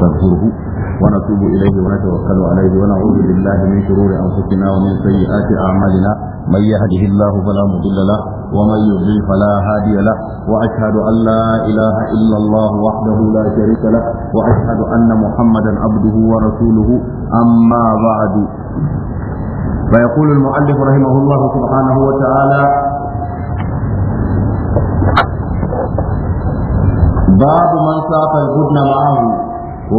فاغفره ونتوب إليه ونتوكل عليه ونعوذ بالله من شرور أنفسنا ومن سيئات أعمالنا من يهده الله فلا مضل له ومن يضلل فلا هادي له وأشهد أن لا إله إلا الله وحده لا شريك له وأشهد أن محمدا عبده ورسوله أما بعد فيقول المؤلف رحمه الله سبحانه وتعالى باب من ساق الهدن معه Eh?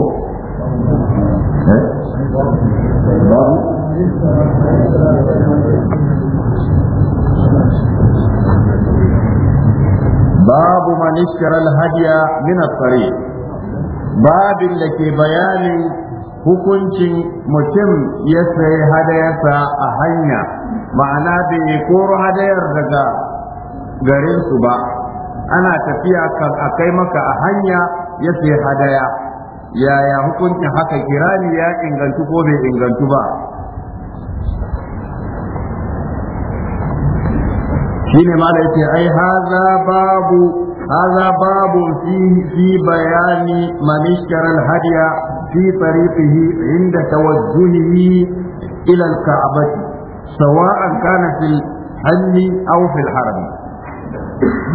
babu man ishtara al-hadiya min at babin da ke bayanin hukuncin mutum ya sayi hadayarsa a hanya ma'ana bai koro hadayar daga garinsu ba ana tafiya kan a kai maka a hanya ya sayi hadaya yaya hukuncin haka kirani ya ingantu ko bai ingantu ba shine ma da yake ai haza babu haza babu fi bayani man ishtara al-hadiya fi tariqihi inda tawajjuhihi ila al sawa'an kana fil hanni aw fil haram.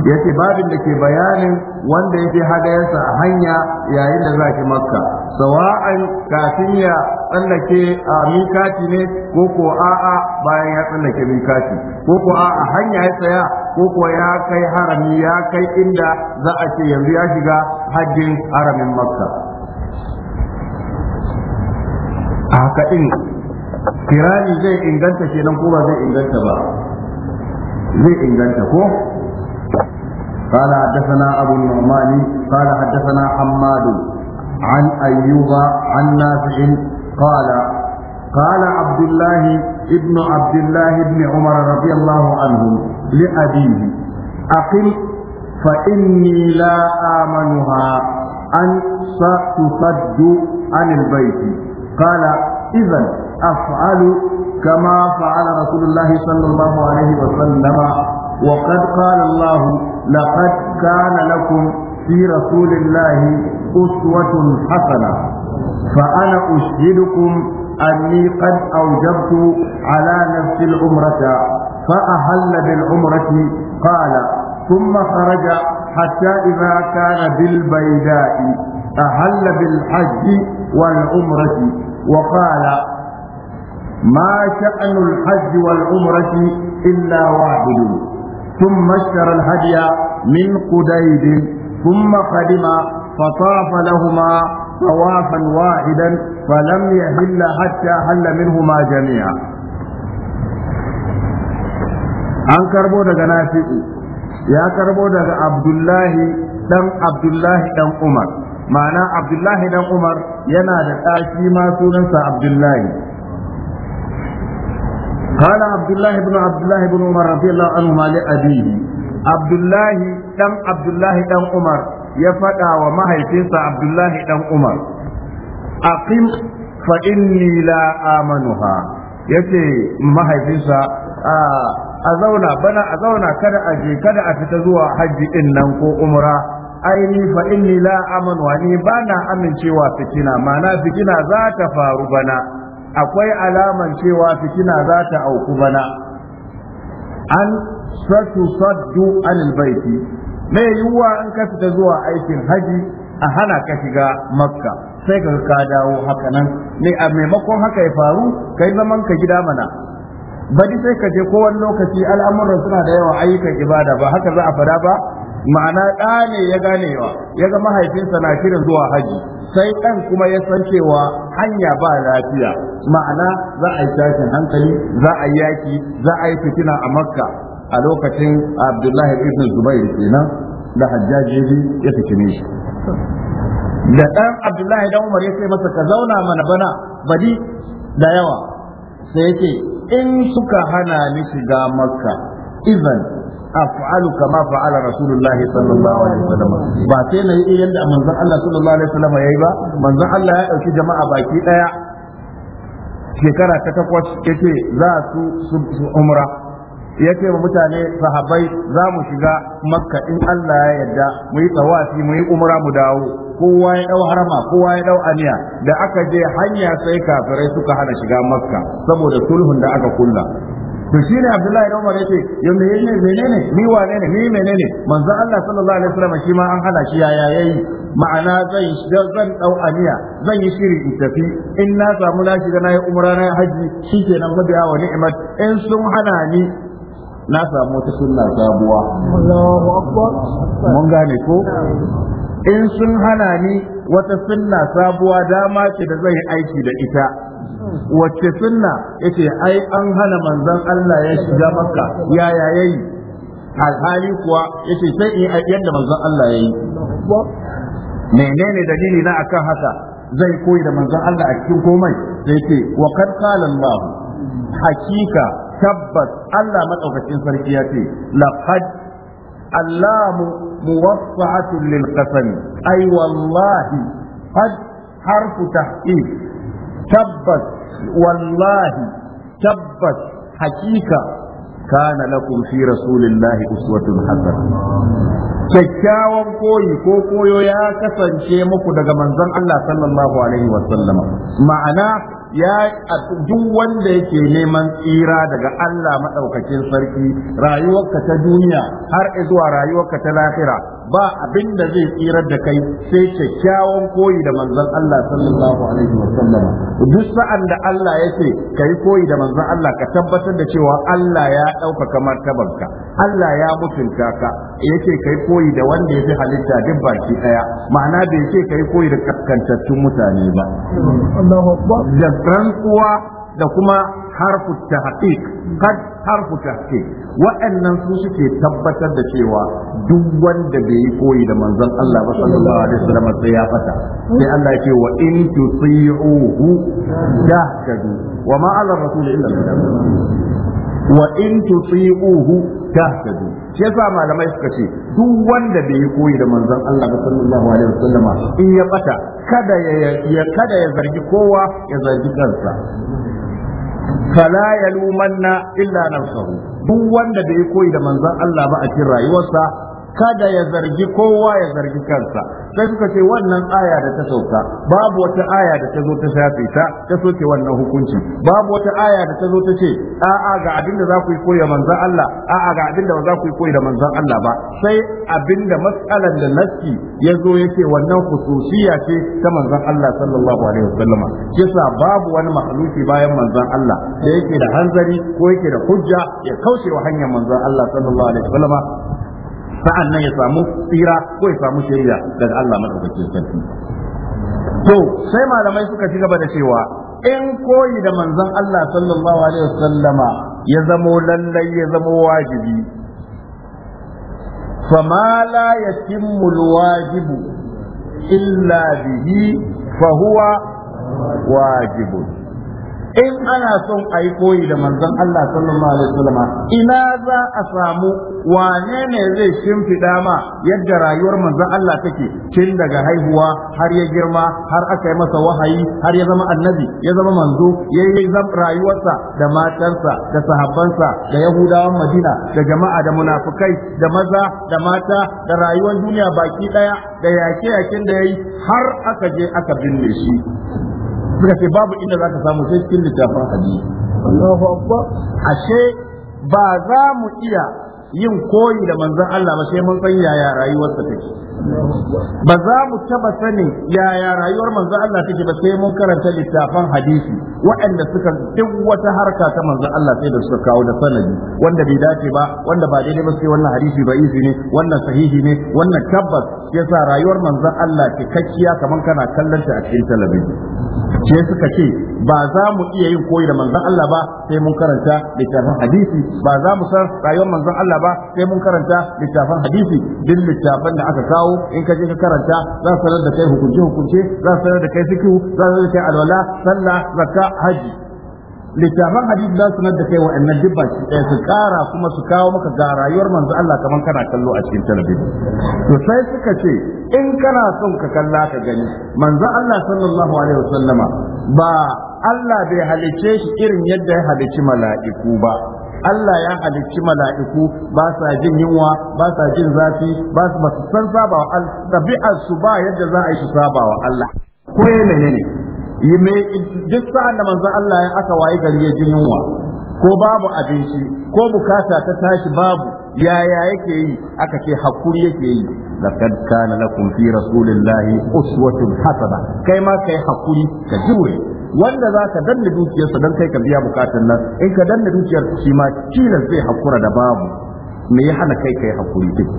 yace babin da ke bayanin wanda yake hadayarsa a hanya yayin da zaki makka sawa'an kafin ya tsallake a mikati ne ko ko a'a bayan ya tsallake mikati ko ko a'a hanya ya tsaya ko ko ya kai harami ya kai inda za a ce yanzu ya shiga hajjin haramin makka a haka ɗin kirani zai inganta kenan ko ba zai inganta ba zai inganta ko قال حدثنا أبو النعمان قال حدثنا حماد عن أيوب عن نافع قال قال عبد الله ابن عبد الله بن عمر رضي الله عنهم لأبيه أقل فإني لا آمنها أن ستصد عن البيت قال إذا أفعل كما فعل رسول الله صلى الله عليه وسلم وقد قال الله لقد كان لكم في رسول الله أسوة حسنة فأنا أشهدكم أني قد أوجبت على نفس العمرة فأهل بالعمرة قال ثم خرج حتى إذا كان بالبيداء أهل بالحج والعمرة وقال ما شأن الحج والعمرة إلا واحد ثم اشترى الهدي من قديد ثم قدم فطاف لهما طوافا واحدا فلم يهل حتى هل منهما جميعا an karbo daga nafi'u ya karbo daga abdullahi dan abdullahi dan umar ma'ana abdullahi dan umar yana da ɗaki ma sunansa abdullahi قال عبد الله بن عبد الله بن عمر رضي الله عنهما لأبيه عبد الله دم عبد الله دم عمر يفتى وما هيتنسى عبد الله دم عمر أقم فإني لا آمنها a zauna bana a zauna kada a je kada a fita zuwa hajji din nan ko umra aini fa inni la amanu ni bana amincewa fitina mana fitina za ta faru bana akwai alaman cewa fitina za ta auku bana an satu saddu an baiti mai yiwuwa an ka fita zuwa aikin haji a hana ka shiga makka sai ka ka dawo haka nan ne a maimakon haka ya faru kai zaman ka gida mana bari sai ka je kowane lokaci al'amuran suna da yawa ayyukan ibada ba haka za a fada ba ma'ana ɗa ne ya ganewa ya ga mahaifinsa na shirin zuwa haji sai ɗan kuma ya san cewa hanya ba lafiya ma'ana za a yi tashin hankali za a yi yaki za a yi fitina a makka a lokacin abdullahi ibn zubair kenan da hajjaji ya fitine shi da ɗan abdullahi dan umar ya ce masa ka zauna mana bana badi da yawa sai yake in suka hana ni shiga makka izan af'alu kama fa'ala rasulullahi sallallahu alaihi wasallam ba sai na yi yadda manzon Allah sallallahu alaihi wasallam yayi ba manzon Allah ya dauki jama'a baki daya shekara ta takwas yace za su su umra yace wa mutane sahabbai za mu shiga makka in Allah ya yarda mu yi tawafi mu yi umra mu dawo kowa ya dau harama kowa ya dau aniya da aka je hanya sai kafirai suka hana shiga makka saboda sulhun da aka kulla to shi ne abdullahi umar yake yo me ne menene ni wane ne ni menene manzo Allah sallallahu alaihi wasallam shi ma an hana shi yaya yayi ma'ana zan zan dau aniya zan yi shiri in tafi in na samu lashi da nayi umra na haji nan mabiya wa ni'mat in sun hana ni na samu wata sunna sabuwa Allahu akbar mun gane ko in sun hana ni wata sunna sabuwa dama ce da zai aiki da ita wacce sunna yace ai an hana manzon Allah ya shiga makka yaya yayi alhali kuwa yace sai in yadda manzon Allah yayi menene dalili na akan haka zai koyi da manzon Allah a cikin komai sai ce wa kad qala Allah hakika tabbas Allah madaukakin sarki ya ce laqad اللام موسعة للقسم أي والله قد حرف تحقيق تبت والله تبت حقيقة كان لكم في رسول الله أسوة حسنة kyakkyawan koyi ko koyo ya kasance muku daga manzon Allah sallallahu alaihi wasallama ma'ana ya duk wanda yake neman tsira daga Allah madaukakin sarki rayuwarka ta duniya har zuwa rayuwarka ta lahira ba abin da zai tsirar da kai sai kyakkyawan koyi da manzon Allah sallallahu alaihi wasallam duk sa'an da Allah ya ce kai koyi da manzon Allah ka tabbatar da cewa Allah ya ɗaukaka tabanka Allah ya mutunta ka ka kai koyi da wanda ya fi halitta duk baki ɗaya ma'ana bai ce kai koyi da kaskantattun mutane ba da da kuma harfu tahqiq kad harfu tahqiq waɗannan su suke tabbatar da cewa duk wanda bai yi koyi da manzon Allah ba sallallahu alaihi wasallam sai ya fata sai Allah ya ce wa in tusiuhu tahtadu wa ma ala rasul illa wa in tusiuhu tahtadu shi yasa malamai suka ce duk wanda bai yi koyi da manzon Allah ba sallallahu alaihi wasallama in ya fata, kada ya kada ya zargi kowa ya zargi kansa fala yalumanna illa nafsuhu duk wanda bai koyi da manzon Allah ba a cikin rayuwarsa kada ya zargi kowa ya zargi kansa sai suka ce wannan aya da ta sauka babu wata aya da ta zo ta shafe ta ta soke wannan hukunci babu wata aya da ta zo ta ce a'a ga abinda za ku yi koyi da manzon Allah a'a ga abinda ba za ku yi koyi da manzon Allah ba sai abinda matsalan da nassi ya zo yake wannan khususiya ce ta manzon Allah sallallahu alaihi wasallam yasa babu wani mahluki bayan manzon Allah da yake da hanzari ko yake da hujja ya kauce wa hanyar manzon Allah sallallahu alaihi wasallam sa'an nan ya samu tsira ko ya samu shari'a daga Allah madaukakin sarki to sai malamai suka ci gaba da cewa in koyi da manzon Allah sallallahu alaihi wasallama ya zamo lallai ya zamo wajibi فما لا يتم الواجب إلا به فهو واجب in ana son a yi koyi da manzon Allah sallallahu alaihi wasallam ina za a samu wane ne zai shimfiɗa ma yadda rayuwar manzon Allah take tun daga haihuwa har ya girma har aka yi masa wahayi har ya zama annabi ya zama manzo ya yi rayuwarsa da matansa da sahabbansa da yahudawan madina da jama'a da munafukai da maza da mata da rayuwar duniya baki daya da yake yakin da yayi har aka je aka binne shi suka ce babu inda za ka samu sai cikin littafin hadisi Allahu akbar ashe ba za mu iya yin koyi da manzon Allah ba sai mun san yaya rayuwarsa take ba za mu taba sani yaya rayuwar manzo Allah take ba sai mun karanta littafan hadisi waɗanda suka duk wata harka ta manzo Allah sai da suka kawo da sanadi wanda bai dace ba wanda ba daidai ba sai wannan hadisi ba izi ne wannan sahihi ne wannan tabbas yasa rayuwar manzo Allah kakkiya kamar kana kallon ta a cikin talabijin Ke suka ce ba za mu iya yin koyi da manzon Allah ba sai mun karanta littafin hadisi ba za mu san rayuwar manzon Allah ba sai mun karanta littafin hadisi duk littafin da aka kawo dawo in ka je ka karanta za su sanar da kai hukunce hukunce za su sanar da kai fikihu za su sanar da kai alwala sallah zakka haji Littafin hadisi za su sanar da kai wa'annan duk baki su ƙara kuma su kawo maka ga rayuwar manzo Allah kamar kana kallo a cikin talabijin to sai suka ce in kana son ka kalla ka gani manzo Allah sallallahu alaihi wasallama ba Allah bai halice shi irin yadda ya halici mala'iku ba Allah ya halicci mala'iku ba sa jin yunwa ba sa jin zafi ba su ba su san saba wa Allah tabi'ar su ba yadda za a yi su saba wa Allah ko menene yi me duk sa'an da manzon Allah ya aka wayi gari ya jin yunwa ko babu abinci ko bukata ta tashi babu yaya yake yi aka ce hakuri yake yi لقد كان لكم في رسول الله أسوة حسنة كما كي حقولي كجوري wanda za ka danna dukiyarsa don kai ka biya bukatan nan in ka danna dukiyar shi ma kilan zai hakura da babu me ya hana kai kai hakuri duk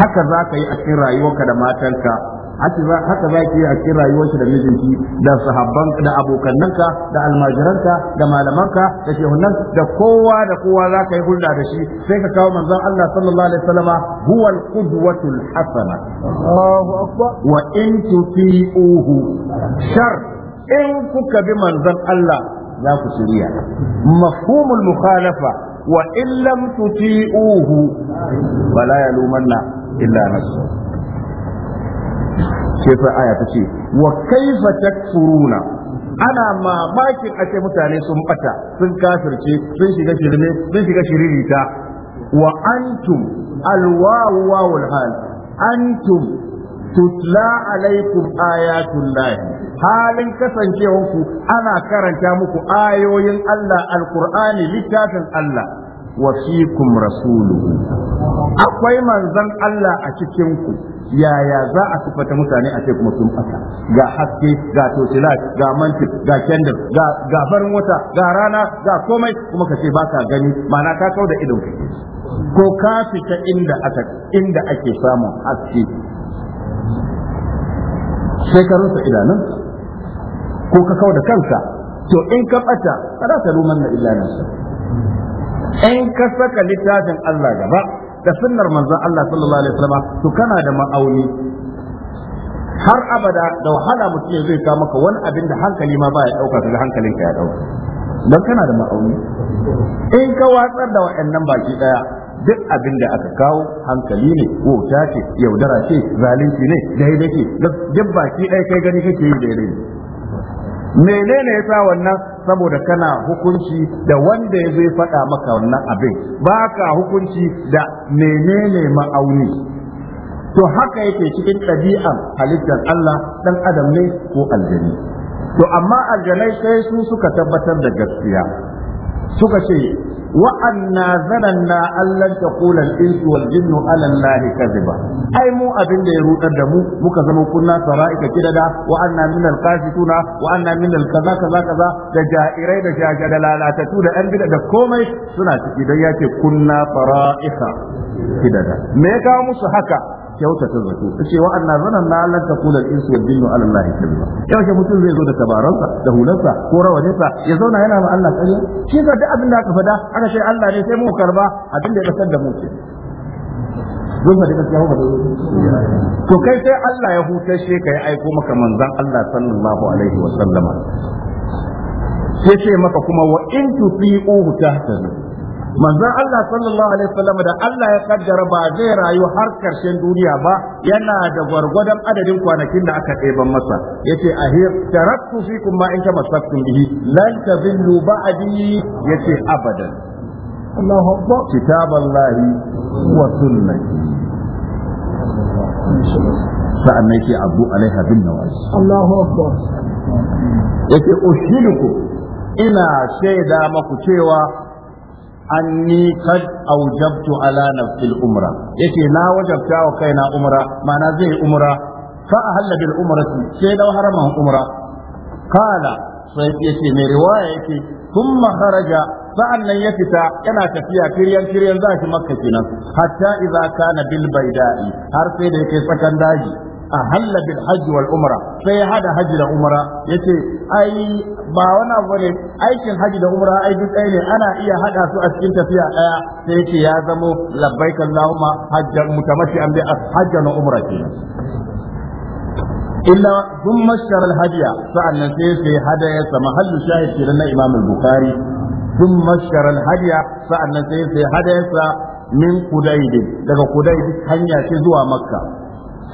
haka za ka yi a cikin rayuwarka da matanka haka za ki yi a cikin rayuwarki da mijinki da sahabban da abokannanka da almajiranka da malamanka da shehunan da kowa da kowa za ka yi hulɗa da shi sai ka kawo manzon Allah sallallahu alaihi wasallama huwal qudwatul hasana wa in tuti'uhu shar in kuka bi manzon Allah za ku shirya mafhumul mukhalafa وإن لم تطيعوه فلا يلومن illa نفسه Sai yasa aya ta ce wa kaifa takfuruna ana mamakin ake mutane sun bata sun kafirce sun shiga shirme sun shiga shiririta wa antum alwawu wawul hal antum tutla alaikum ayatul lahi halin kasancewanku ana karanta muku ayoyin Allah alqur'ani littafin Allah wa fikum rasuluhu akwai manzon Allah a cikin ku yaya za a sifata mutane a ce kuma sun fata ga haske ga tosilat ga mantik ga kendir ga ga farin wata ga rana ga komai kuma ka ce ba ka gani mana ka kau da idon ka ko ka fita inda aka inda ake samun haske sai ka rusa idanun ko ka kau da kanka to in ka bata kada ta lumanna illa nasa in ka saka littafin Allah gaba da sunnar manzon Allah sallallahu alaihi wasallam to kana da ma'auni har abada da wahala mutum zai ka maka wani abin da hankali ma baya dauka kaga hankalin ka ya dauka dan kana da ma'auni in ka watsar da wa'annan baki daya duk abin da aka kawo hankali ne wauta ce yaudara ce zalunci ne daidai ce duk baki ɗaya kai gani kake yi daidai menene yasa wannan saboda kana hukunci da wanda ya zai faɗa maka wannan abin ba ka hukunci da menene ma'auni to haka yake cikin ɗabi'an halittar Allah ɗan adam ne ko aljani to amma aljanai sai su suka tabbatar da gaskiya suka ce wa'anna zananna allan taqula al-insu wal jinnu ala allahi kadhiba ai mu abin da ya rudar da mu muka zama kunna sara'ika kidada wa anna min al-qasituna wa anna kaza kaza kaza da ja'irai da jajada lalatatu da an bida da komai suna ciki dan yace kunna sara'ika kidada me ya kawo musu haka kyautata zato ce wa anna zanan na lan taqula al-insu wal jinnu ala Allah kadhiba yaushe mutum zai zo da tabaransa da hulansa ko rawaninsa ya zauna yana ma Allah kariya shi ga duk abin da aka fada aka ce Allah ne sai mu karba abin da ya kasar da mu ce zan faɗi gaskiya ko faɗi to kai sai Allah ya hutashe ka kai aiko maka manzon Allah sallallahu alaihi wa sallama sai ce maka kuma wa in tuti'uhu tahtadu manzon Allah sallallahu alaihi wasallam da Allah ya kaddara ba zai rayu har karshen duniya ba yana da gwargwadon adadin kwanakin da aka ɗeban masa yace ahir taraktu fikum ma in kama tamassaktum bihi lan tadillu ba'di yace abadan Allahu akbar kitaballahi wa sunnati sa'an nan yake abu alaiha bin nawas Allahu akbar yake ushiduku ina shaida maku cewa أني قد أوجبت على نفس الأمرة يتي لا وجبت وكينا أمرة ما نزيه أمرة فأهل بالأمرة سيدا وحرمه أمرة قال سيد يتي من رواية ثم خرج فأن يتتا أنا تفيا كريان كريان ذات مكة حتى إذا كان بالبيداء هر سيدا يتي سكن داجي A bil hajj wal umra sai ya hada haji da umra yace ai ba wani abu ne aikin haji da umra ai duk ɗaya ne ana iya hada su a cikin tafiya ɗaya sai yace ya zamo labbaik allahumma hajjan an bi a hajjan umra kenan illa dun mashar alhadiya sa'annan sai sai hadaya sa mahallu shahid kenan na imam al-bukhari dun mashar alhadiya sa'annan sai sai hadaya sa min kudaid daga kudaid hanya ce zuwa makka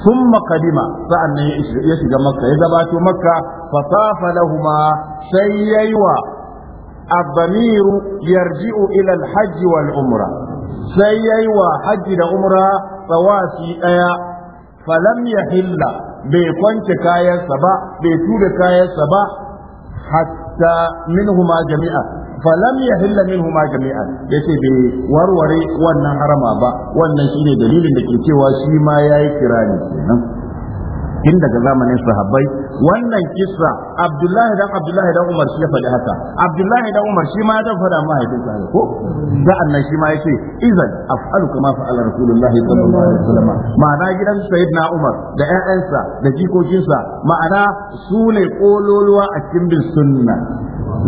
ثم قدم فأن يشج مكة إذا باتوا مكة فطاف لهما سيوا الضمير يرجع إلى الحج والعمرة سيوا حج العمرة طواسي أيا فلم يحل بيقنت كايا سبا بيتود كايا سبا حتى منهما جميعا falam yahilla minhuma jami'an yace bai warware wannan harama ba wannan shine dalilin da ke cewa shi ma yayi kirani kenan tun daga zamanin sahabbai wannan kisa abdullahi dan abdullahi dan umar shi ya faɗi haka abdullahi dan umar shi ma ya faɗa mahaifinsa ne ko annan shi ma yace idan af'alu kama fa'ala rasulullah sallallahu alaihi wasallam ma'ana gidan sayyidina umar da ƴaƴansa da jikokinsa ma'ana su ne kololuwa a cikin bin sunna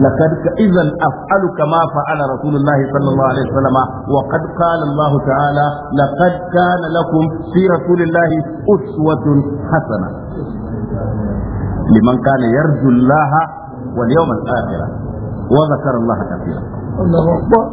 لقد إذا أفعل كما فعل رسول الله صلى الله عليه وسلم وقد قال الله تعالى لقد كان لكم في رسول الله أسوة حسنة لمن كان يرجو الله واليوم الآخرة وذكر الله كثيرا الله أكبر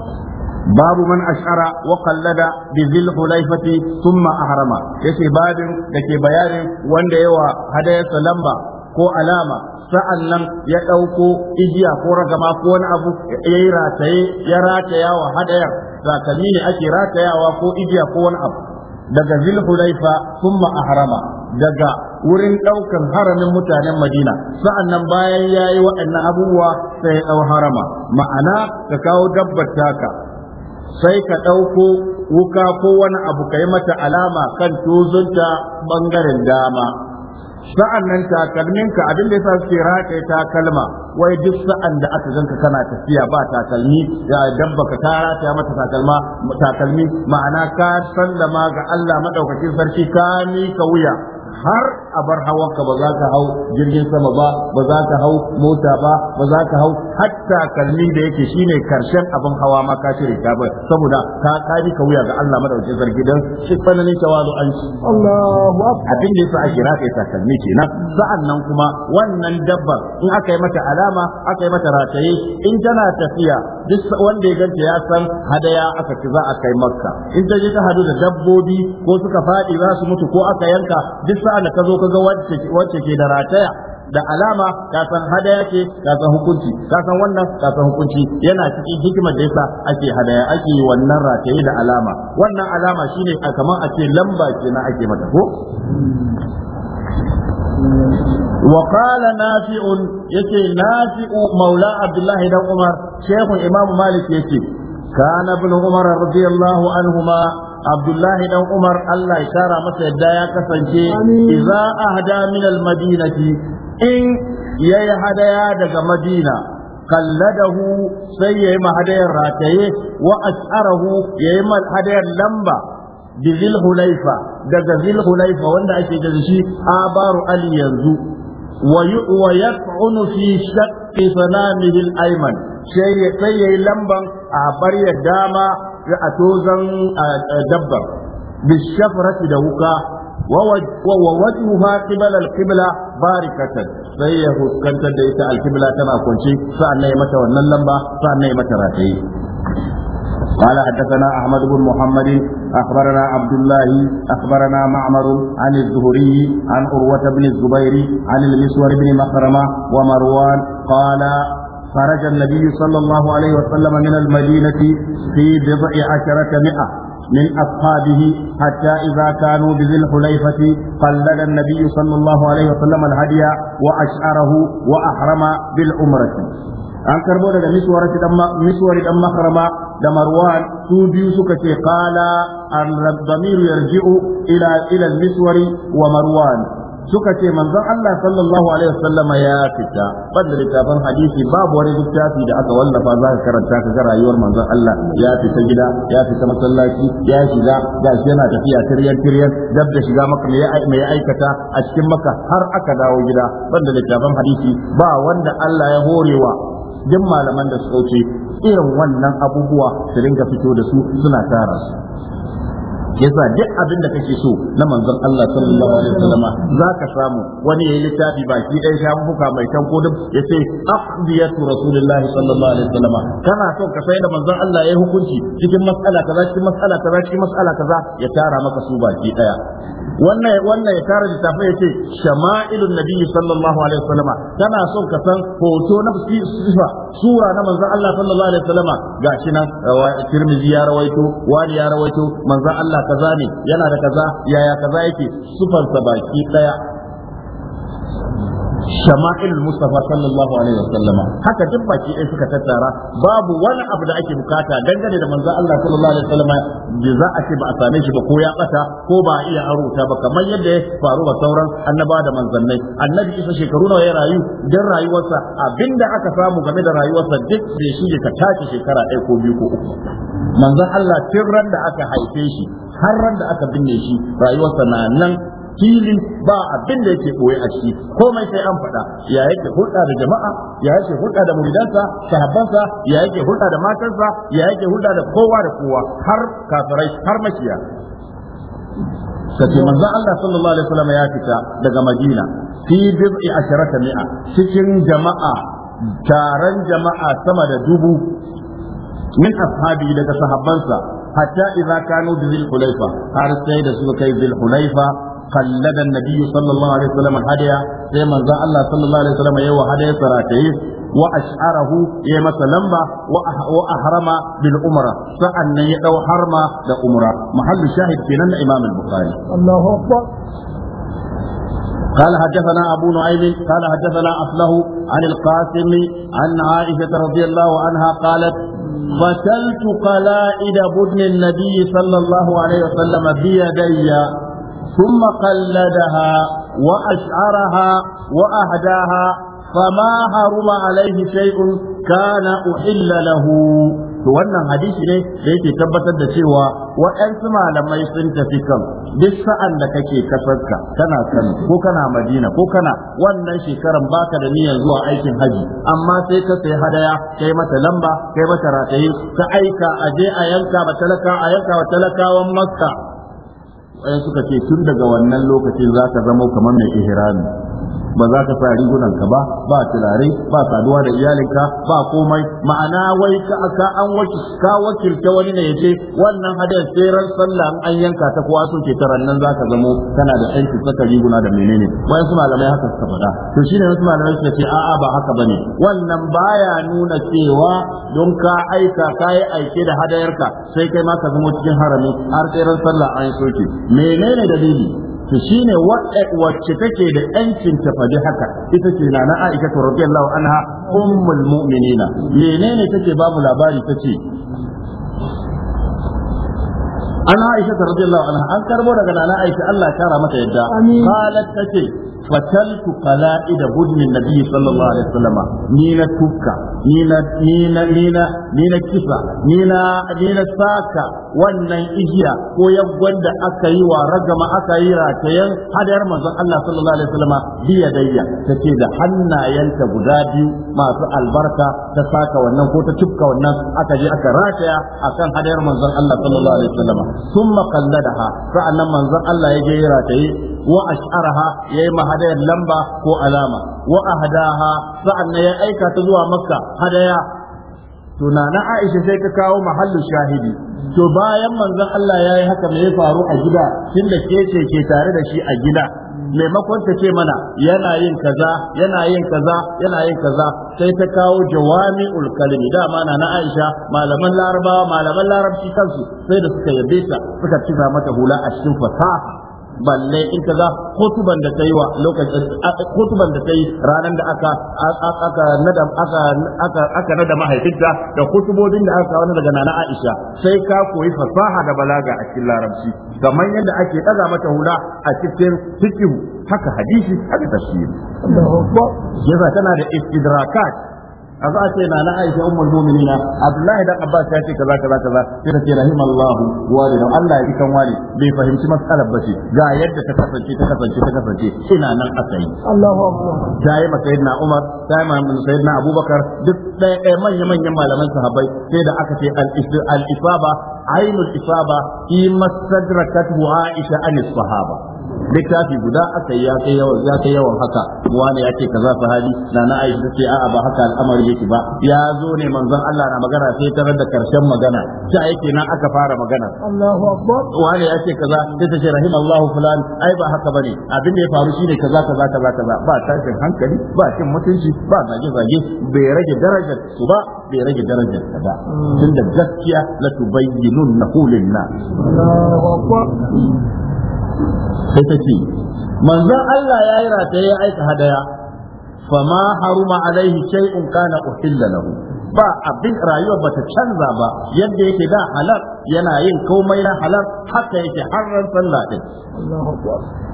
باب من أشعر وقلد بذي الخليفة ثم أحرم يشي باب لكي بيان وان يوى هدايا لمبا ko alama sa'an nan ya ɗauko igiya ko ragama ko wani abu ya yi rataye ya ratayawa hadayar takalmi ne ake ratayawa ko igiya ko wani abu daga zilhulaifa kuma a harama daga wurin ɗaukan haramin mutanen madina sa'an nan bayan ya yi waɗannan abubuwa sai ya ɗau harama ma'ana ka kawo dabbar taka sai ka ɗauko wuka ko wani abu ka yi mata alama kan tuzunta ɓangaren dama sa'an nan takalminka abin da sa suke rataye takalma wai duk sa'an da aka ganka kana tafiya ba takalmi ya dabba ka ta rataya mata takalma takalmi ma'ana ka sallama ga Allah madaukakin sarki ka ka wuya har a bar hawanka ba za ka hau jirgin sama ba ba za ka hau mota ba ba za ka hau hatta kalmi da yake shine karshen abin hawa ma ka shirya ka bai saboda ka kari ka wuya ga Allah madaukakin sarki dan shi tsananin tawazu an Allahu akbar abin da yasa ake rafe takalmi kenan sa'annan kuma wannan dabbar in aka yi mata alama aka yi mata rataye in tana tafiya duk wanda ya ganta ya san hadaya aka ci za a kai makka in ta je ta hadu da dabbobi ko suka faɗi za su mutu ko aka yanka duk sa'an da ka zo ka ga wacce ke da rataya da alama ka san hadaya ce ka san hukunci ka san wannan ka san hukunci yana cikin hikimar da yasa ake hadaya ake wannan rataye da alama wannan alama shine kamar a ce lamba ce na ake mata ko وقال نافع يتي نافع مولى عبد الله بن عمر شيخ الإمام مالك يتي كان ابن عمر رضي الله عنهما عبد الله بن عمر الله يشارى مسا يدا يا كسانشي إذا أهدى من المدينة إن يا هدايا دغ مدينة قلده سي ما هدايا راتيه وأشعره يما هدايا لمبا بذي الحليفة دغ ذي الحليفة وندا أشي دشي آبار علي ينزو ويطعن في شق سنامه الأيمن sai ya sai yayi lamban a bar ya dama a tozan dabbar bishafrati da wuka wa wajhuha qibala alƙibla, qibla sai ya huskantar da ita alƙibla qibla tana kunci sa'annan ya mata wannan lamba sa'annan ya mata rataye قال حدثنا احمد بن محمد اخبرنا عبد الله اخبرنا معمر عن الزهري عن عروه بن الزبير عن المسور بن مخرمه ومروان قال خرج النبي صلى الله عليه وسلم من المدينة في بضع عشرة مئة من أصحابه حتى إذا كانوا بذي الحليفة قلد النبي صلى الله عليه وسلم الهدي وأشعره وأحرم بالعمرة an karbo daga miswari dan makarama da marwan su biyu suka ce kala an damiru yarji'u ila ila miswari wa marwan suka ce manzon Allah sallallahu alaihi wasallama ya fita banda littafin hadisi babu wani littafi da aka wallafa za ka karanta ka ga rayuwar manzon Allah ya fita gida ya fita masallaci ya shiga gashi yana tafiya tiryan tiryan dab da shiga maka mai aikata a cikin maka har aka dawo gida banda littafin hadisi ba wanda Allah ya horewa duk malaman da suka wuce irin wannan abubuwa su ringa fito da su suna tara yasa duk abin da kake so na manzon Allah sallallahu alaihi wasallam ka samu wani yayi littafi baki dai shafuka mai tanko ya ce aqdiyatu rasulullahi sallallahu alaihi wasallam kana so ka sai da manzon Allah yayi hukunci cikin mas'ala kaza cikin mas'ala kaza cikin mas'ala kaza ya tara maka su baki daya wannan wannan ya tara littafin ya ce shama'ilun nabiyyi sallallahu alaihi wasallama kana son ka san hoto na sifa sura na manzon Allah sallallahu alaihi wasallama gashi nan Tirmidhi ya rawaito wani ya rawaito manzon Allah kaza ne yana da kaza yaya kaza yake sufar sa baki daya shama'il mustafa sallallahu alaihi wasallama haka duk baki ɗaya suka tattara babu wani abu da ake bukata dangane da manzon Allah sallallahu alaihi wasallama da za a ce ba a same shi ba ko ya bata ko ba a iya aruta ba kamar yadda ya faru ga sauran annaba da manzannai annabi isa shekaru nawa ya rayu dan rayuwarsa abinda aka samu game da rayuwarsa duk bai shi ka tace shekara ɗaya ko biyu ko uku manzon Allah tun randa da aka haife shi har ran da aka binne shi rayuwarsa na nan fili ba abin da yake koyi a ciki komai sai an faɗa ya yake hulɗa da jama'a ya yake hulɗa da muridansa sahabbansa ya yake hulɗa da matarsa ya yake hulɗa da kowa da kowa har kafirai har makiya kace manzon Allah sallallahu alaihi wasallam ya fita daga Madina fi bid'i asharata mi'a cikin jama'a taron jama'a sama da dubu min ashabi daga sahabbansa hatta idza kanu bi dhil hulaifa har sai da suka kai dhil hulaifa قلد النبي صلى الله عليه وسلم هديا زي ما زال الله صلى الله عليه وسلم يو هديا سراتيه وأشعره يما سلمبا وأحرم بالأمرة فأن يدو حرم لأمرة محل شاهد في إمام البخاري الله أكبر قال حدثنا أبو نعيم قال حدثنا أصله عن القاسم عن عائشة رضي الله عنها قالت فتلت قلائد بدن النبي صلى الله عليه وسلم بيدي ثم قلدها وأشعرها وأهداها فما حرم عليه شيء كان أحل له to wannan hadisi ne da yake tabbatar da cewa waɗansu malamai sun tafi kan duk sa'an da kake kasarka kana kano ko kana madina ko kana wannan shekaran baka da niyyar zuwa aikin haji amma sai ka sai hadaya kai mata lamba kai mata rataye ka aika aje a yanka ba talaka a yanka wa talakawan maska. wayan suka ce tun daga wannan lokacin za ka zama kamar mai ihrami ba za ka sa rigunanka ba ba turare ba saduwa da iyalinka ba komai ma'ana wai ka aka an ka wakilta wani ne yace wannan hadar tseren sallah an yanka ta kowa sun ke taran nan za zamo kana da aiki saka riguna da menene wai su malamai haka suka faɗa to shine wasu malamai suka ce a'a ba haka bane wannan baya nuna cewa don ka aika kai aike da hadayarka sai kai ma ka zamo cikin harami har tseren sallah an soke menene dalili to shine wacce take da yancin ta faɗi haka ita ce na Aisha radiyallahu anha ummul mu'minina menene take ba mu labari tace an Aisha radiyallahu anha an karbo daga nana Aisha Allah ya kara mata yadda qalat tace fataltu qala'ida hudmin nabi sallallahu alaihi wasallam ni ni na ni ni na kisa ni na saka wannan igiya ko yaggon da aka yi wa ragama aka yi ratayen hadayar manzon Allah sallallahu alaihi wasallam biya dayya tace da hannayenta guda biyu masu albarka ta saka wannan ko ta tukka wannan aka je aka rataya akan hadayar manzon Allah sallallahu alaihi wasallam summa Allah ya je rataye wa ash'araha yayi hadayar lamba ko alama wa ahdaha sa'an ya aika ta zuwa makka hadaya to na Aisha sai ta kawo muhallin shahidi to bayan manzon Allah yi haka me ya faru a gida tunda ke ce ke tare da shi a gida maimakon ta ce mana yana yin kaza yana yin kaza yana yin kaza sai ta kawo jawami kalimi dama na na Aisha malaman larabawa malaman larabci kansu sai da suka yabe ta suka cika mata hula a cikin fasaha balle in kaza hutuban da tayi wa lokacin da kai ranar da aka aka nada aka aka aka nada mahaifinta da hutubodin da aka wani daga nana Aisha sai ka koyi fasaha da balaga a cikin larabci kamar yadda ake daga mata hula a cikin fiqh haka hadisi haka tafsir Allahu Akbar tana da istidrakat a za a ce na na aisha ummul mu'minina abdullahi da abbas ya ce kaza kaza kaza sai ta ce rahimallahu walida Allah ya ji kan wani. bai fahimci matsalar ba ce ga yadda ta kasance ta kasance ta kasance ina nan akai Allahu akbar ta yi sayyidina Umar ta yi sayyidina Abubakar duk ɗaya ɗaya manya manyan malaman sahabbai sai da aka ce al-isaba ainul isaba fi masadrakat aisha anis sahaba littafi guda aka yi ya kai yawan haka wani ya ce kaza hali na na Aisha tace a'a ba haka al'amari yake ba ya zo ne manzon Allah na magana sai tarar da karshen magana sai yake nan aka fara magana Allahu akbar wani ya ce kaza sai rahim Allahu fulan ai ba haka bane abin da ya faru shine kaza kaza kaza kaza ba tashin hankali ba cin mutunci ba zage zage bai rage darajar su ba bai rage darajar ka ba tunda gaskiya la tubayyinun nahu lin Allahu akbar sai ta ce manzon Allah ya yi rataye ya aika hadaya fama haruma alaihi shay'un kana uhilla lahu ba abin rayuwar bata canza ba yadda yake da halal yana yin komai na halal haka yake harran sallah din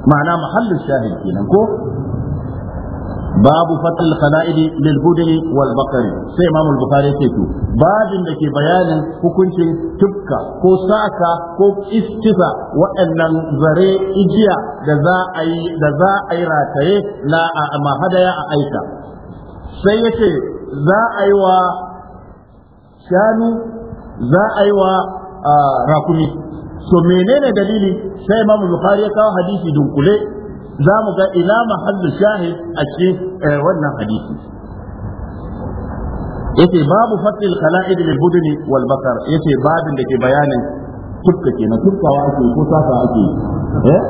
ma'ana mahallin shahid kenan ko باب فتح الخلائد للبدن والبقر سي امام البخاري كيتو باب دك بيان حكمت تبكا كو ساكا كو استفا وانن زري اجيا da za a yi da za a yi rataye la a a aika sai yace za a yi wa shanu za a yi wa rakumi so menene dalili sai imam bukhari ya kawo hadisi dunkule za mu ga ina mahallu shahid a ce eh, wannan hadisi yace babu fasil khala'id lil budni wal bakar yace babin da ke bayanin tufka kenan tufkawa ake ko saka ake eh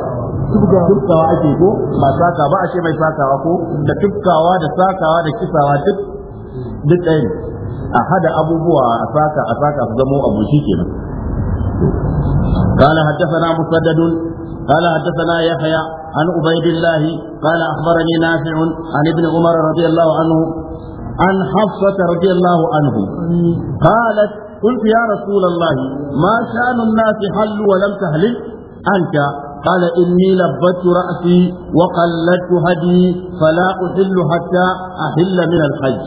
tufkawa ake ko ba saka ba a ce mai sakawa ko da tufkawa da sakawa da kisawa duk duk ɗaya a hada abubuwa a saka a saka su zamo abu shi kenan قال حدثنا مسدد قال حدثنا يحيى عن عبيد الله قال أخبرني نافع عن ابن عمر رضي الله عنه عن حفصة رضي الله عنه قالت قلت يا رسول الله ما شأن الناس حل ولم تهلك أنت قال إني لبت رأسي وقلدت هدي فلا أحل حتى أحل من الحج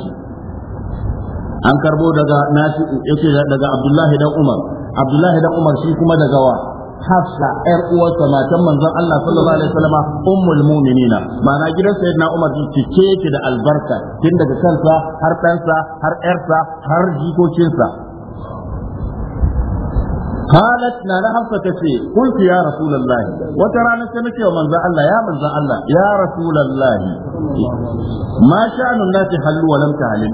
an karbo daga nashi daga abdullahi dan umar abdullahi dan umar shi kuma daga wa hafsa ƴar uwarsa matan manzon Allah sallallahu alaihi wasallam ummul mu'minina Ma'ana gidan sayyidina Umar cike yake da albarka tun daga kansa har ɗansa har ƴarsa har jikokinsa قالت لنا حفصة تشي قلت يا رسول الله وترى نسمك ومن ذا الله يا من الله يا رسول الله ما شأن الناس حلوا ولم تعلم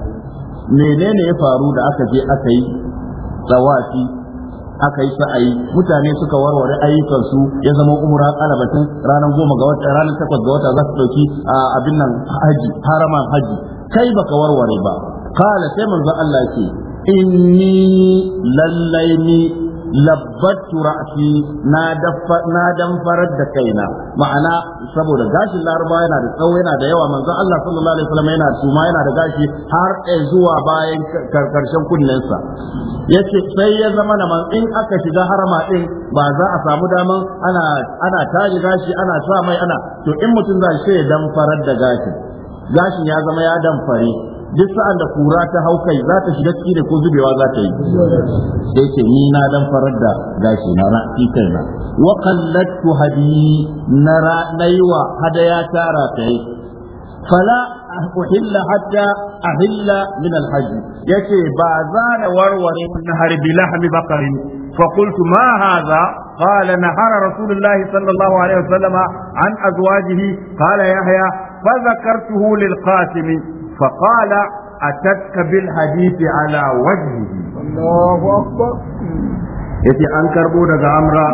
menene ya faru da aka je aka yi tsawafi aka yi sa'ayi mutane suka warware ayyukansu ya zama umra kalabatin ranar goma ga wata ranar takwas ga wata za su ɗauki abin nan haji haraman haji kai baka warware ba kala sai manzo Allah ce inni lallai ni labbattu ra'si na daffa na damfarar da kaina ma'ana saboda gashin laraba yana da tsawo yana da yawa manzon Allah sallallahu alaihi wasallam yana tuma yana da gashi har zuwa bayan karshen kunnensa yace sai ya zama na in aka shiga harama din ba za a samu daman ana ana taji gashi ana sa mai ana to in mutum za shi ya damfarar da gashin gashin ya zama ya damfare duk sa'an da kura ta hau kai za ta shiga ciki da ko zubewa za ta yi sai ni na dan farar da gashi na rafi na. wa qallatu hadi na ra'naiwa hadaya ta rataye fala uhilla hatta ahilla min alhajj yace ba za na warware na harbi lahmi baqarin فقلت ما هذا قال نهر رسول الله صلى الله عليه وسلم عن أزواجه قال يحيى فذكرته للقاسم فقال أتتك بالحديث على وجهه الله أكبر yace an karɓo daga amra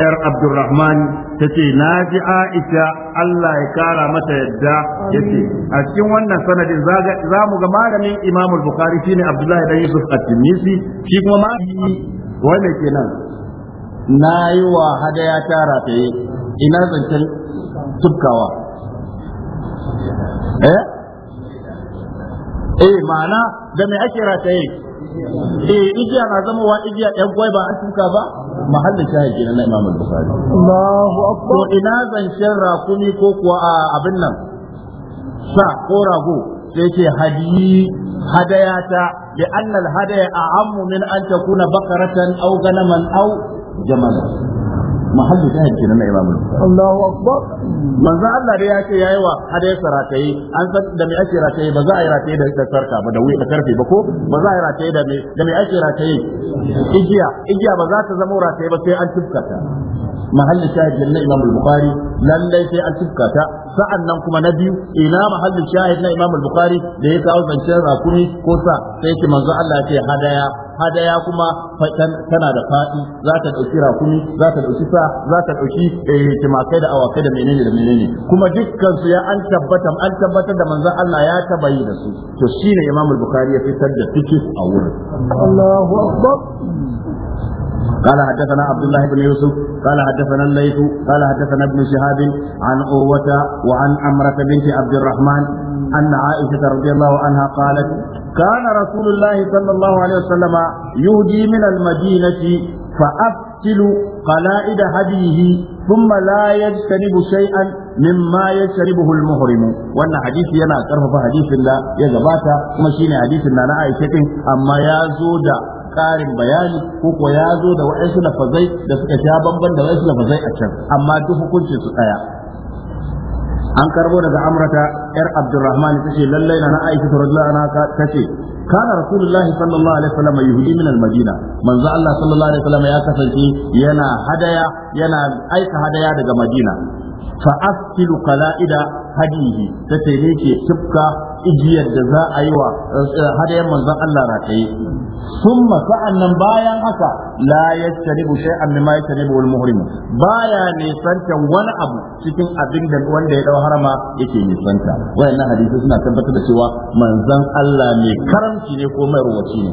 yar abdurrahman ta ce na ji aisha allah ya kara mata yadda ya ce a cikin wannan sanadin za mu ga malamin imam bukhari shine abdullahi dan yusuf at-tinisi shi kuma ma wanda kenan na yi wa hadaya ta ina zancen tubkawa eh ma'ana da mai ake rataye eh igiya na zama wa igiya ɗan gwai ba an tuka ba mahallin shahi kenan na Imam bukari Allahu akbar to ina zancen rakumi ko kuwa a abin nan sa ko rago sai ce hadiyi ta, bi anna hadaya a min an kuna bakaratan au ganaman au jamalan mahallu shahid kenan na imamu Allahu akbar manzo Allah da ya ce yayi wa hada ya sarata saratayi an san da me ake rataye ba za a yi rataye da sarka ba da wuya da karfe ba ko ba za a yi rataye da me da me ake rataye igiya igiya ba za ta zama rataye ba sai an tufkata mahallin shahid na Imam Bukhari lallai sai an tufkata sa'an nan kuma na biyu ina mahallin shahid na Imam Bukhari da ya kawo zancen rakumi ko sa sai ce manzo Allah ya ce hadaya hadaya kuma tana da faɗi za ta ɗauki rakumi za ta ɗauki sa za ta ɗauki eh, timakai da awakai da menene da menene kuma dukkan su ya an tabbata an tabbatar da manzon Allah ya yi da su to shine Imam Bukhari ya fitar da fikih a wurin Allahu akbar قال حدثنا عبد الله بن يوسف قال حدثنا الليث قال حدثنا ابن شهاب عن عروة وعن أمرة بنت عبد الرحمن أن عائشة رضي الله عنها قالت كان رسول الله صلى الله عليه وسلم يهدي من المدينة فأفتل قلائد هديه ثم لا يجتنب شيئا مما يشربه المحرم وان حديث ينا كرفه حديث لا يا جماعه مشينا حديث لا عائشه اما يا زودا ƙarin bayani ko ko ya zo da waɗansu lafazai da suka sha bamban da waɗansu lafazai a can amma duk hukuncin su ɗaya an karbo daga amrata yar abdurrahman tace lallai na na aisha radhiyallahu anha tace kana rasulullahi sallallahu alaihi wasallam yahudi min almadina manzo allah sallallahu alaihi wasallam ya kasance yana hadaya yana aika hadaya daga madina fa asfilu qala'ida hadihi tace ne ke tibka igiyar da za a yi wa eh, hadayen manzon Allah rataye summa sa'annan bayan haka la yashtaribu shay'an mimma yashtaribu al-muhrim baya nisanta wani abu cikin abin da wanda ya dau harama yake nisanta wayannan hadisi suna tabbatar da cewa manzon Allah mai karamci ne ko mai ruwaci ne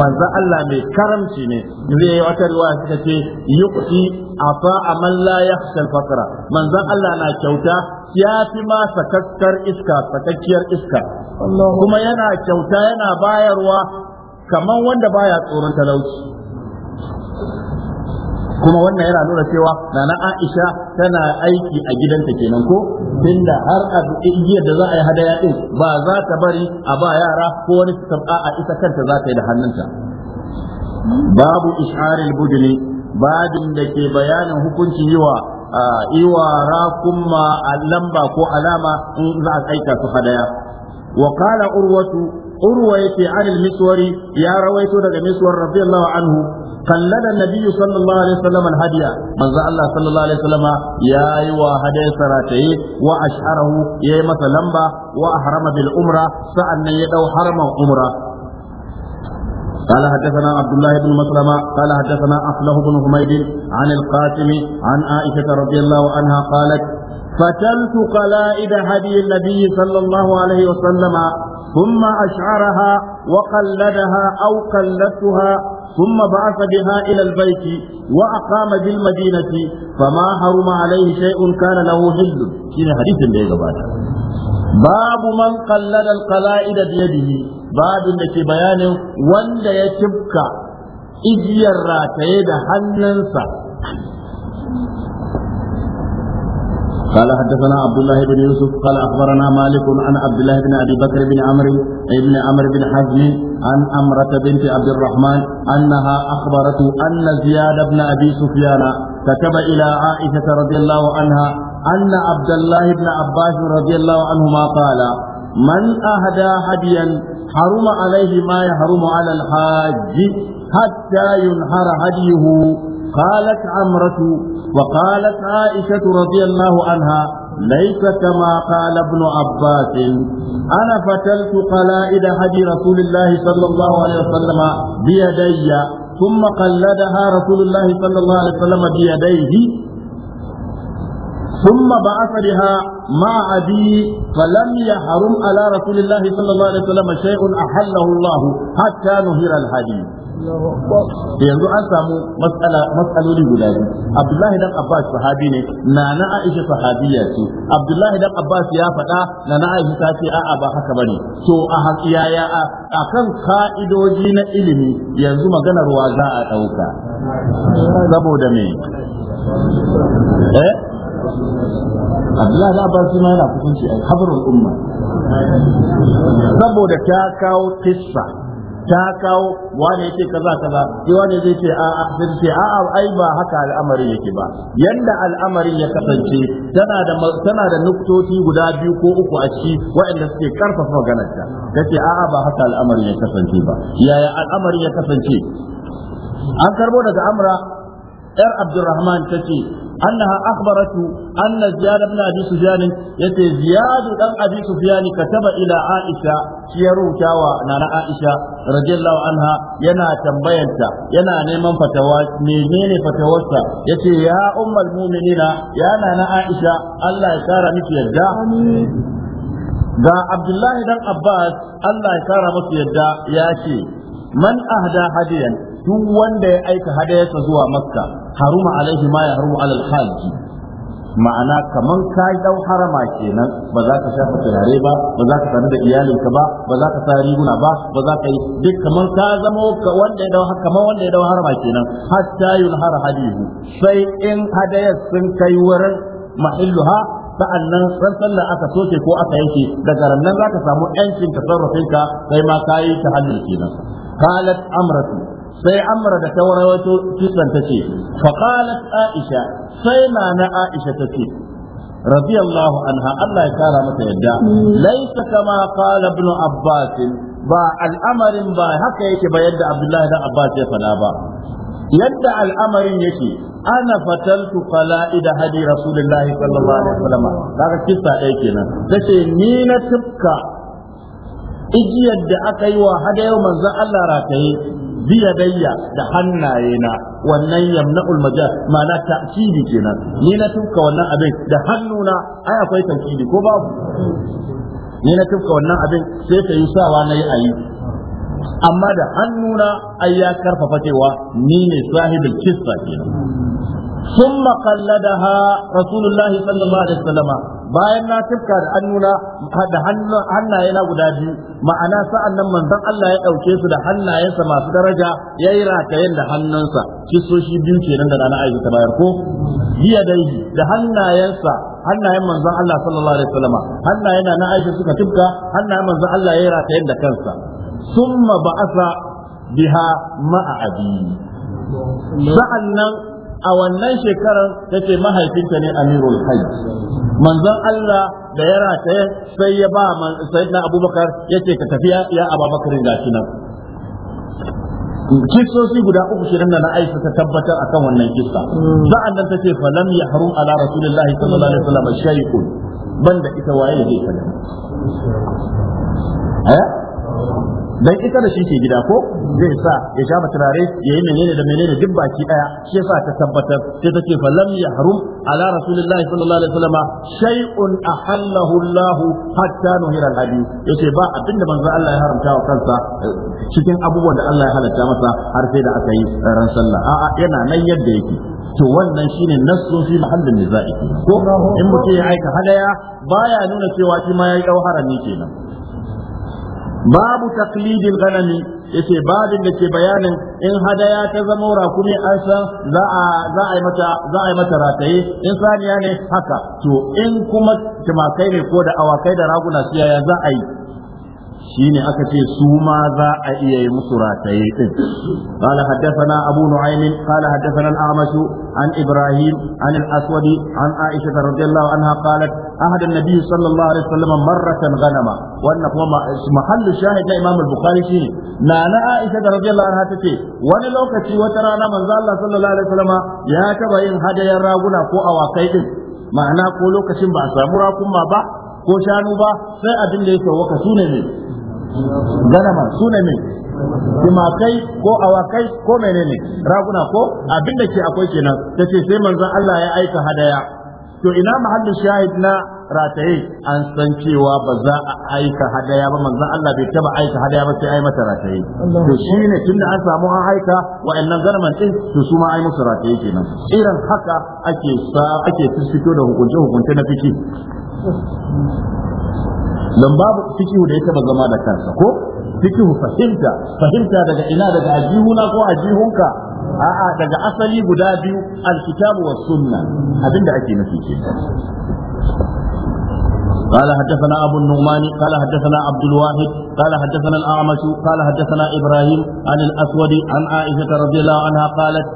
manzon Allah mai karamci ne zai yi wata riwaya suka ce yuqti afa man la yakhsha manzon Allah na kyauta ya fi ma sakakkar iska sakakkiyar iska kuma yana kyauta yana bayarwa kamar wanda baya tsoron talauci kuma wannan yana nuna cewa nana Aisha tana aiki a gidanta kenan ko tunda har a igiyar da za a yi hadaya din ba za ta bari a ba yara ko wani su a isa kanta za ta yi da hannunta babu isharil budni babin da ke bayanin hukuncin yiwa iwa rakumma lamba ko alama in za a aika su hadaya wa qala urwatu urwa yace anil miswari ya rawaito daga miswar radiyallahu anhu قلد النبي صلى الله عليه وسلم الهدي من الله صلى الله عليه وسلم يا أيها هدي سراتي وأشعره يا مثل لمبا وأحرم بالأمرة سألنا يدو حرم أمرة قال حدثنا عبد الله بن مسلمة قال حدثنا أفله بن حميد عن القاسم عن عائشة رضي الله عنها قالت فتلت قلائد هدي النبي صلى الله عليه وسلم ثم أشعرها وقلدها أو قلدتها ثم بعث بها إلى البيت وأقام بالمدينة فما حرم عليه شيء كان له حل شين حديث ده يا باب من قلد القلائد بيده باب انك بيان وند يتبكى igiyar rataye da hannunsa قال حدثنا عبد الله بن يوسف قال اخبرنا مالك عن عبد الله بن ابي بكر بن عمرو بن عمرو بن حزم عن امرة بنت عبد الرحمن انها اخبرته ان زياد بن ابي سفيان كتب الى عائشه رضي الله عنها ان عبد الله بن عباس رضي الله عنهما قال من اهدى هديا حرم عليه ما يحرم على الحاج حتى ينحر هديه قالت عمرة وقالت عائشة رضي الله عنها ليس كما قال ابن عباس أنا فتلت قلائد حج رسول الله صلى الله عليه وسلم بيدي ثم قلدها رسول الله صلى الله عليه وسلم بيديه ثم بعث بها مع أبي فلم يحرم على رسول الله صلى الله عليه وسلم شيء أحله الله حتى نهر الحديث yanzu an samu matsaloli guda biyu abdullahi dan abbas sahabi ne na aisha sahabiya ce abdullahi dan abbas ya faɗa na aisha ta ce a'a ba haka bane to a hakiya ya a kan ka'idoji na ilimi yanzu maganar wa za a ɗauka saboda me eh Abdullahi dan Abbas ma yana kusanci a habarul umma saboda ta kawo kissa ta kawo wane ya ce kaza kaza sai wani zai ce a a ce a a ai ba haka al'amarin yake ba yanda al'amarin ya kasance tana da tana da nuktoci guda biyu ko uku a ciki waɗanda suke karfafa ta. kace a a ba haka al'amarin ya kasance ba yaya al'amarin ya kasance an karbo daga amra yar abdurrahman tace أنها أخبرته أن زياد بن أبي سفيان يتي زياد بن أبي سفيان كتب إلى عائشة شيروتا ونانا عائشة رضي الله عنها ينا تنبينتا ينا نيمان فتوى منين فتوسا يتي يا أم المؤمنين يا نانا عائشة الله يسار مكي يدا ga Abdullahi dan Abbas Allah ya kara masa yadda ya ce man ahda hadiyan duk wanda ya aika hadayarsa zuwa Makka haruma alaihi ya harumu alal ma'ana kaman ka dau harama kenan ba za ka shafa turare ba ba za ka sanu da iyalinka ba ba za ka sa riguna ba ba za ka yi duk kaman ka zama wanda ya dau kaman wanda ya harama kenan hatta yunhar hadihu sai in hadayar sun kai wurin mahilluha sa'annan ran sallah aka soke ko aka yanke daga rannan za ka samu yancin tasarrufinka sai ma ka yi tahallul kenan qalat amratu sai amra da ta rawaito kisan ta ce faqalat aisha sai na na aisha ta ce radiyallahu anha Allah ya kara mata yadda mm. laisa kama qala ibn abbas ba al'amarin ba haka yake ba yadda abdullahi da abbas ya fada ba yadda al'amarin yake ana fataltu qala'ida hadi rasulullahi sallallahu alaihi wasallam daga kissa ɗaya kenan tace ni na tukka igiyar da aka yi wa hadayar manzon Allah rakaye biyadayya da hannaye na wannan yamna'ul majaz ma'ana ta'kidi kenan ni na tuka wannan abin da hannuna ai akwai ta'kidi ko babu ni na tuka wannan abin sai ta yi sawa na yi ayi amma da hannuna ai ya karfafa cewa ni ne sahibul kissa kenan ثم قلدها رسول الله صلى الله عليه وسلم bayan na tifka da hannuna da hannaye na guda biyu ma'ana sa'an nan manzon Allah ya ɗauke su da hannayensa masu daraja ya yi ratayen da hannunsa kisoshi biyu ke nan da na aiki ta bayar ko jiya dai da hannayensa hannayen manzon Allah sallallahu alaihi wasallam hannayen na Aisha suka tifka hannayen manzon Allah ya yi ratayen da kansa summa ba'asa biha ma'a abi sa'annan a wannan shekarar ce mahaifinta ne amirul hajj manzon Allah da ya rataye sai ya ba sayyidina abubakar yace ka tafiya ya abubakar da shi nan kisosi guda uku shirin da na aisha ta tabbatar akan wannan kissa sa'an nan ce fa lam harun ala rasulillahi sallallahu alaihi wasallam shay'un banda ita waye ne zai fada eh? dan ita da shi ke gida ko zai sa ya sha turare ya yi menene da menene duk baki daya shi yasa ta tabbatar sai ta ce fa lam yahrum ala rasulillahi sallallahu alaihi wasallam shay'un ahallahu Allah hatta nuhira al Ya yace ba abin da manzo Allah ya haramta wa kansa eh, cikin abubuwan da Allah ya halatta masa har sai da aka yi ran sallah a'a yana nan yadda yake to wannan shine nassun fi mahallin nizai ko in mutum ya aika hadaya baya nuna cewa shi ma yayi dau harami kenan babu taklidin ganami yace babin da ke bayanin in hadaya ta zama rakumi an san za a yi mata rataye in saniya ne haka to in kuma tumakai ne ko da awakai da raguna siyaya za a yi shine aka ce su ma za a iya yi musu rataye din qala haddathana abu nu'aym qala haddathana al-amash an ibrahim an al-aswad an aisha radhiyallahu anha qalat ahad an-nabi sallallahu alaihi wasallam marratan ghanama wannan kuma mahallu shahid imam al-bukhari shine nana aisha radhiyallahu anha tace wani lokaci wata rana manzo a sallallahu alaihi wasallam ya taba yin hadayar raguna ko awakai din ma'ana ko lokacin ba a samu rakunma ba ko shanu ba sai abin da ya sauwaka su ne ganama sune mai tumakai ko awakai ko menene raguna ko abin da ke akwai kenan tace sai manzon Allah ya aika hadaya to ina mahallin shahid na rataye an san cewa ba za a aika hadaya ba manzon Allah bai taba aika hadaya ba sai ai mata rataye to shine tunda an samu an aika wa'annan garman din to su ma ai musu rataye kenan irin haka ake sa fito da hukunce hukunce na fiki don babu fikihu da ya taɓa zama da kansa ko fikihu fahimta fahimta daga ina daga ajihuna ko ajihunka a'a daga asali guda biyu alkitabu was sunna abinda ake nufi kenan قال حدثنا أبو النعمان قال حدثنا عبد الواحد قال حدثنا الأعمش قال حدثنا إبراهيم عن الأسود عن عائشة رضي الله عنها قالت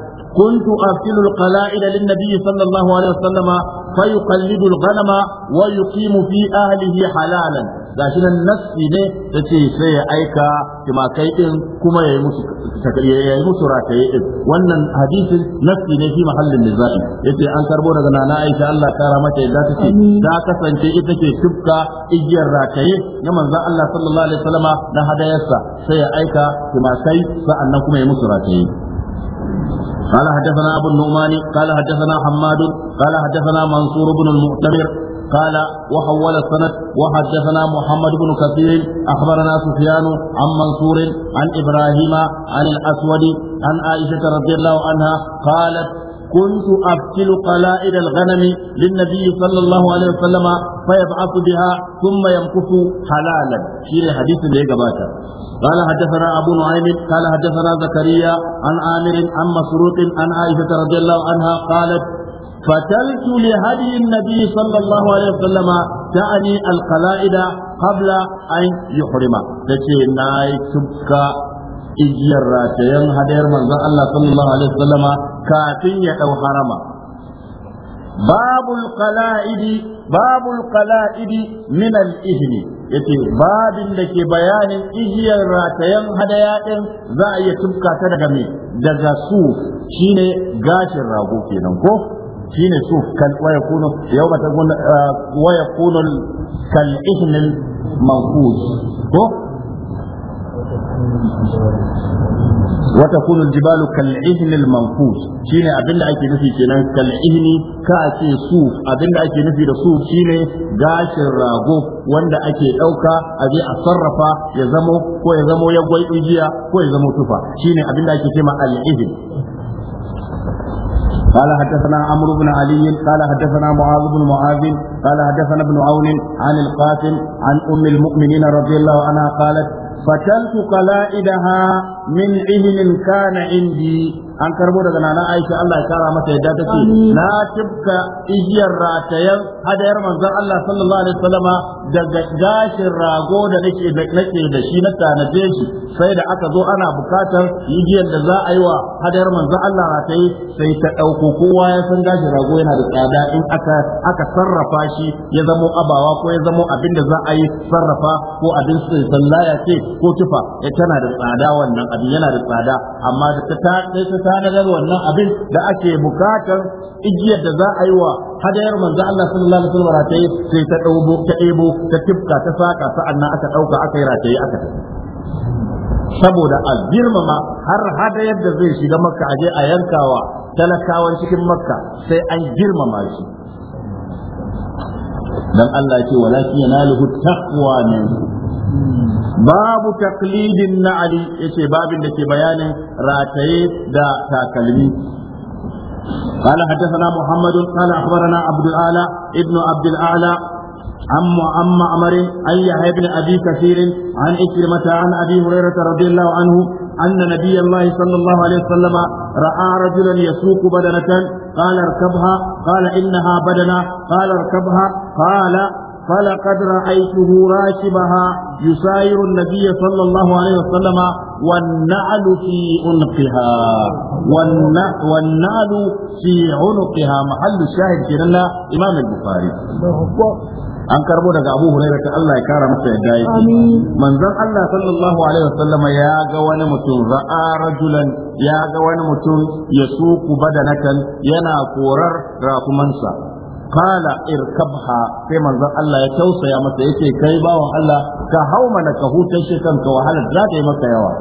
كنت أرسل القلائد للنبي صلى الله عليه وسلم فيقلد الغنم ويقيم في أهله حلالا shi nan nassi ne ce sai ya aika timakai din kuma ya yi musu ya yi musu rataye din wannan hadisin nassi ne fi mahallin nizai yace an karbo daga nana Aisha Allah kara mata yadda tace ta kasance ita ce tufka igiyar rataye na manzon Allah sallallahu alaihi wasallama na hadayarsa sai ya aika timakai sa'annan kuma ya musu rataye قال حدثنا أبو النعمان قال حدثنا حماد قال حدثنا منصور بن المعتمر قال وحول السند وحدثنا محمد بن كثير أخبرنا سفيان عن منصور عن إبراهيم عن الأسود عن عائشة رضي الله عنها قالت كنت أبتل قلائد الغنم للنبي صلى الله عليه وسلم فيبعث بها ثم يمكث حلالا شير حديث اللي قباتا قال حدثنا أبو نعيم قال حدثنا زكريا عن عامر عن مسروق عن عائشة رضي الله عنها قالت فتلت لهدي النبي صلى الله عليه وسلم تعني القلائد قبل أن يحرم تشي ناي سبكا igiyar ratayen hadayar manzon Allah sallallahu alaihi wasallama kafin ya dau harama babul qala'idi babul qala'idi min al-ihli yace babin da ke bayanin igiyar ratayen hadaya din za a iya tubka ta daga me daga su shine gashin rago kenan ko shine su kal wa yakunu yawma takun wa yakunu kal ihnil mawqud ko وتكون الجبال كالعهن المنفوس شيني أبن أكي نفي كنان كالعهن كأكي صوف أبن أكي نفي صوف شيني غاش الراغو وند أكي أوكا أبي أصرفا يزمو ويزمو يقوي إجيا ويزمو تفا شيني أبن أكي كما العهن قال حدثنا عمرو بن علي قال حدثنا معاذ بن معاذ قال حدثنا ابن عون عن القاسم عن ام المؤمنين رضي الله عنها قالت فتلت قلائدها من عهن كان عندي an karbo daga nana Aisha Allah ya kara masa yadda ce na tibka igiyar ratayen hadayar manzon Allah sallallahu alaihi wasallama daga gashin rago da nake da nake da shi na tanaje shi sai da aka zo ana bukatar igiyar da za a yi wa hadayar manzon Allah ratayi sai ta dauko kowa ya san gashin rago yana da tsada in aka aka sarrafa shi ya zamo abawa ko ya zamo abin da za a yi sarrafa ko abin sallaya ce ko tufa eh, tana da tsada wannan abin yana da tsada amma da ta ta tanadar wannan abin da ake bukatar igiyar da za a yi wa hadayar manzo Allah sallallahu alaihi wasallam rataye sai ta daubo ta ebo ta tifka ta saka sa'annan aka dauka aka yi rataye aka tafi saboda a girmama har hadayar da zai shiga makka aje a yankawa talakawan cikin makka sai an girmama shi dan Allah ya ce walakin yanaluhu taqwa minkum babu taklidin na'ali yace babin da ke bayanin rataye da takalmi قال حدثنا محمد قال اخبرنا عبد الاعلى ابن عبد الاعلى عن عن معمر عن يحيى بن ابي كثير عن إكرمة عن ابي هريره رضي الله عنه ان نبي الله صلى الله عليه وسلم راى رجلا يسوق بدنه قال اركبها قال انها بدنه قال اركبها قال فلقد رأيته راكبها يساير النبي صلى الله عليه وسلم والنعل في عنقها والنعل في عنقها محل الشاهد كنا إمام البخاري an karbo daga Abu Hurairah ta Allah ya kara masa yadda yake manzon Allah sallallahu alaihi ya ga wani mutum ra'a rajulan ya ga wani mutum ya suku badanatan yana korar rakumansa qala irkabha sai manzon Allah ya tausaya masa yace kai bawan Allah ka hau mana ka hutar shi kanka wahala za ta yi maka yawa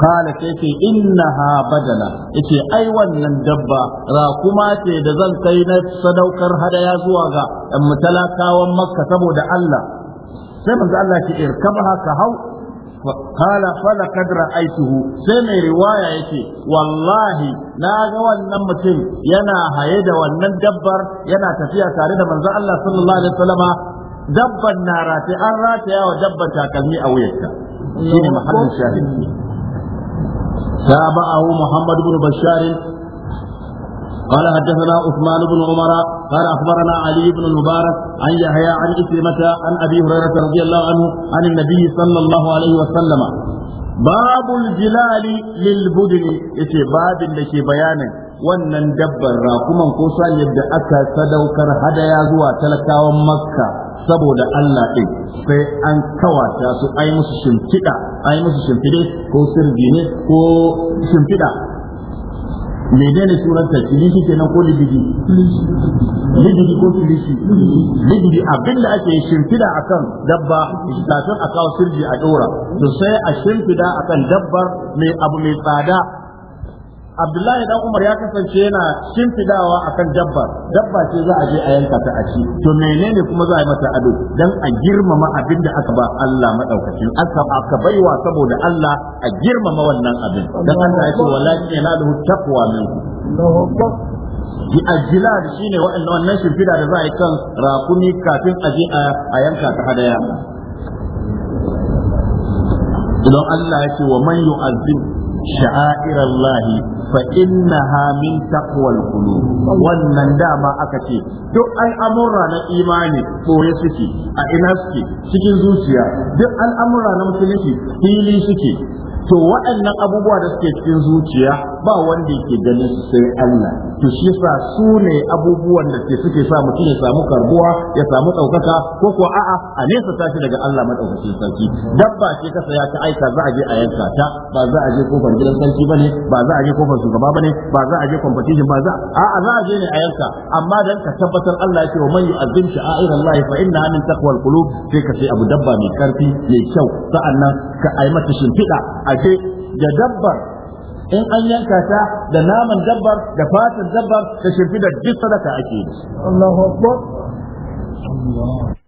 qala sai ce innaha badana yace ai wannan dabba ra kuma ce da zan kai na sadaukar hadaya zuwa ga mutalakawan makka saboda Allah sai manzo Allah ya ce irkabha ka hau قال فلقد رأيته سمع رواية يتي والله لا جوان متين ينا هيدا ونندبر ينا تفيا تاريدا من الله صلى الله عليه وسلم dabban na rataye an rataya wa dabban takalmi a wuyarta shine mahallin shahid تابعه محمد بن بشار قال حدثنا عثمان بن عمر قال اخبرنا علي بن المبارك عن يحيى عن عكرمة عن ابي هريرة رضي الله عنه عن النبي صلى الله عليه وسلم باب الجلال للبدن يتي باب اللي بيانه wannan dabbar rakuman ko saniyar da aka sadaukar hadaya zuwa talakawan makka saboda Allah ɗin sai an kawata su ai musu shimfiɗa ai musu shimfiɗe ko sirgi ne ko shimfiɗa menene suranta kilishi kenan ko lidigi lidigi ko kilishi lidigi abinda ake shimfida kan dabba kafin a kawo sirji a dora to sai a shimfida akan dabbar mai abu mai tsada Abdullahi dan Umar ya kasance yana shimfidawa akan dabba dabba ce za a je a yanka ta a ci to menene kuma za a yi mata ado dan a girmama abin da aka ba Allah madaukakin aka aka baiwa saboda Allah a girmama wannan abin dan Allah ya ce wallahi yanaluhu taqwa minku bi ajila da shine wa'annan wannan shimfida da za a yi kan rakumi kafin a je a yanka ta hadaya don Allah ya ce wa man yu'azzim sha'airallahi fa innaha min taqwal qulub wannan dama aka ce duk al'amura na imani boye suke a ina suke cikin zuciya duk al'amura na musulunci fili suke to waɗannan abubuwa da suke cikin zuciya ba wanda yake ganin su sai Allah to shi yasa su ne abubuwan da ke suke sa mutum ya samu karbuwa ya samu ɗaukaka ko ko a'a a nesa tashi daga Allah madaukakin sarki dabba ce ka saya ta aika za a je a yanka ta ba za a je kofar gidan sarki bane ba za a je kofar shugaba bane ba za a je competition ba za a'a za a je ne a yanka amma dan ka tabbatar Allah ya ce wa man yu'azzim sha'air Allah fa inna min taqwal qulub sai ka sai abu dabba mai karfi mai kyau sa'annan ka ai mata shimfiɗa a ce da dabbar in an yanka ta da naman dabbar da fatan dabbar da da duk sadaka ake da Allahu Akbar